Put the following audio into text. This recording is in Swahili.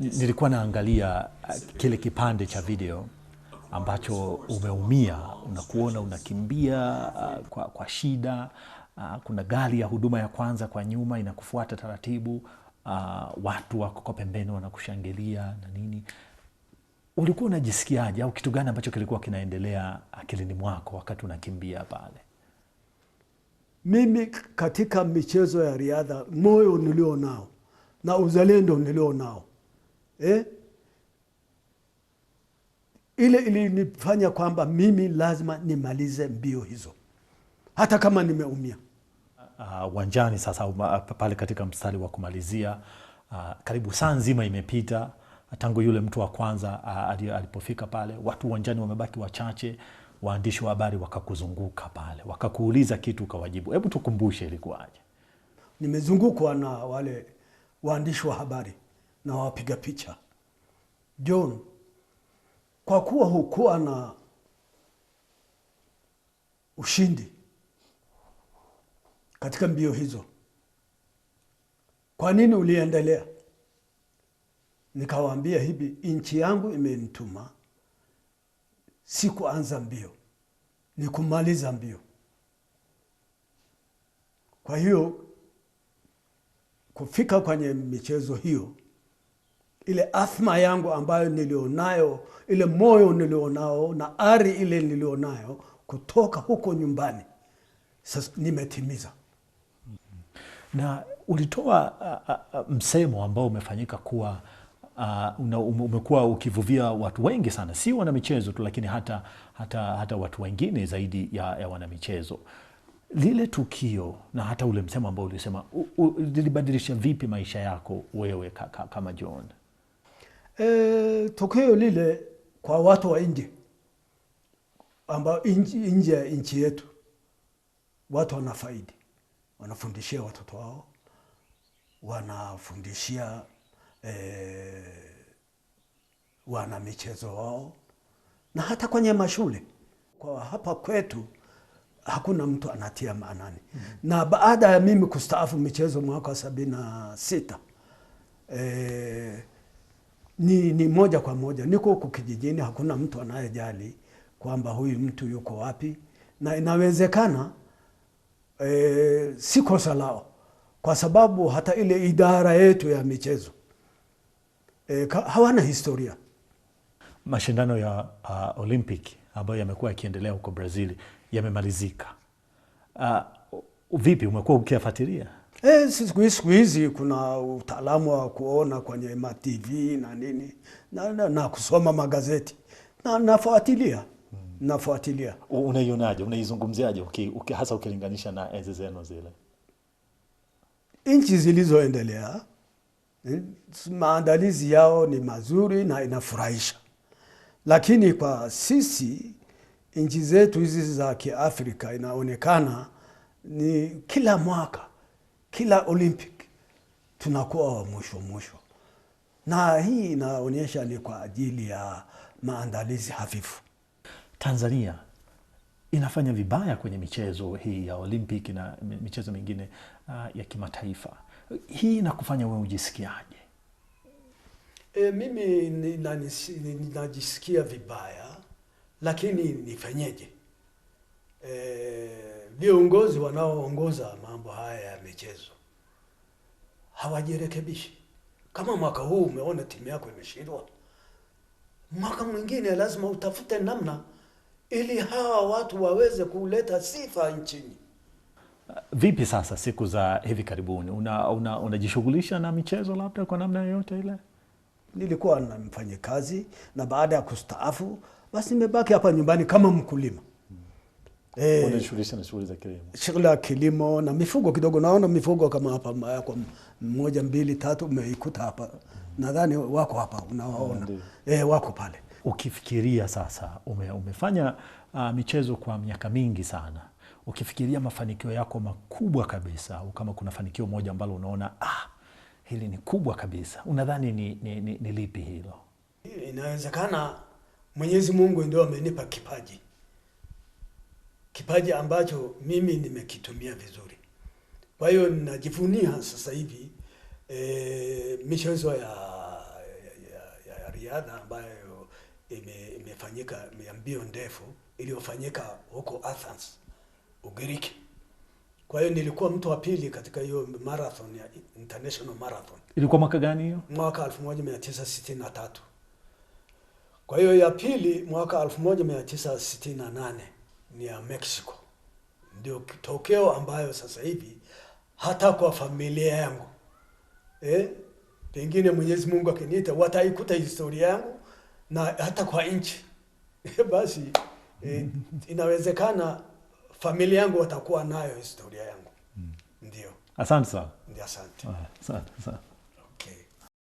Nilikuwa naangalia uh, kile kipande cha video ambacho umeumia, unakuona unakimbia uh, kwa, kwa shida uh, kuna gari ya huduma ya kwanza kwa nyuma inakufuata taratibu uh, watu wako kwa pembeni wanakushangilia na nini. Ulikuwa unajisikiaje au kitu gani ambacho kilikuwa kinaendelea akilini mwako wakati unakimbia pale? Mimi katika michezo ya riadha, moyo nilio nao na uzalendo nilio nao eh? ile ilinifanya kwamba mimi lazima nimalize mbio hizo hata kama nimeumia ah, ah, uwanjani. Uh, sasa pale katika mstari wa kumalizia uh, karibu saa nzima imepita tangu yule mtu wa kwanza uh, alipofika pale, watu uwanjani wamebaki wachache waandishi wa habari wakakuzunguka pale, wakakuuliza kitu ukawajibu? Hebu tukumbushe ilikuwaje? Nimezungukwa na wale waandishi wa habari na wapiga picha. John, kwa kuwa hukuwa na ushindi katika mbio hizo, kwa nini uliendelea? Nikawaambia hivi, nchi yangu imenituma si kuanza mbio, ni kumaliza mbio. Kwa hiyo kufika kwenye michezo hiyo, ile athma yangu ambayo nilionayo, ile moyo nilionao na ari ile nilionayo kutoka huko nyumbani, sasa nimetimiza. Na ulitoa a, a, a, msemo ambao umefanyika kuwa uh, umekuwa ukivuvia watu wengi sana, si wanamichezo tu, lakini hata, hata, hata watu wengine zaidi ya, ya wanamichezo. Lile tukio na hata ule msemo ambao ulisema lilibadilisha vipi maisha yako wewe ka, kama John? E, tukio lile kwa watu wa nje ambao nje ya nchi yetu watu wanafaidi, wanafundishia watoto wao, wanafundishia eh, wana michezo wao na hata kwenye mashule. Kwa hapa kwetu hakuna mtu anatia maanani mm -hmm. Na baada ya mimi kustaafu michezo mwaka wa sabini na sita eh, ni, ni moja kwa moja niko huku kijijini, hakuna mtu anayejali kwamba huyu mtu yuko wapi, na inawezekana eh, si kosa lao, kwa sababu hata ile idara yetu ya michezo eh, hawana historia. Mashindano ya uh, Olympic ambayo yamekuwa yakiendelea huko Brazil yamemalizika. Uh, vipi umekuwa ukiyafuatilia? Eh, siku hizi kuna utaalamu wa kuona kwenye ma TV na nini na, na, na kusoma magazeti na nafuatilia hmm. nafuatilia. Unaionaje? Unaizungumziaje hasa ukilinganisha na enzi zenu zile, nchi zilizoendelea Eh, maandalizi yao ni mazuri na inafurahisha, lakini kwa sisi nchi zetu hizi za Kiafrika inaonekana ni kila mwaka, kila Olympic tunakuwa wa mwisho mwisho, na hii inaonyesha ni kwa ajili ya maandalizi hafifu. Tanzania inafanya vibaya kwenye michezo hii ya Olympic na michezo mingine uh, ya kimataifa hii inakufanya wewe ujisikiaje? E, mimi ninajisikia vibaya, lakini nifanyeje? E, viongozi wanaoongoza mambo haya ya michezo hawajirekebishi. Kama mwaka huu umeona timu yako imeshindwa, mwaka mwingine lazima utafute namna ili hawa watu waweze kuleta sifa nchini. Vipi sasa siku za hivi karibuni unajishughulisha una, una na michezo labda kwa namna yoyote ile? Nilikuwa namfanya kazi na baada ya kustaafu basi nimebaki hapa nyumbani kama mkulima. Hmm. Eh, unajishughulisha na shughuli za kilimo. Shughuli ya kilimo na mifugo kidogo, naona mifugo kama hapa eh, kwa moja mbili tatu umeikuta hapa. Nadhani wako hapa unawaona. Eh, wako pale. Ukifikiria sasa ume, umefanya uh, michezo kwa miaka mingi sana ukifikiria mafanikio yako makubwa kabisa au kama kuna fanikio moja ambalo unaona ah, hili ni kubwa kabisa, unadhani ni, ni, ni, ni lipi hilo? Inawezekana Mwenyezi Mungu ndio amenipa kipaji, kipaji ambacho mimi nimekitumia vizuri. Kwa hiyo ninajivunia sasa hivi e, michezo ya, ya, ya, ya riadha ambayo imefanyika ime ya mbio ndefu iliyofanyika huko Athens Ugiriki. Kwa hiyo nilikuwa mtu wa pili katika hiyo marathon ya international marathon. Ilikuwa mwaka gani hiyo? Mwaka 1963. Kwa hiyo ya pili mwaka 1968 ni ya Mexico, ndio tokeo ambayo sasa hivi hata kwa familia yangu eh, pengine Mwenyezi Mungu akiniita wataikuta historia yangu na hata kwa nchi basi eh, inawezekana familia yangu watakuwa nayo historia yangu. Mm. Ndio. Asante sana. Ndio, asante. Asante sana.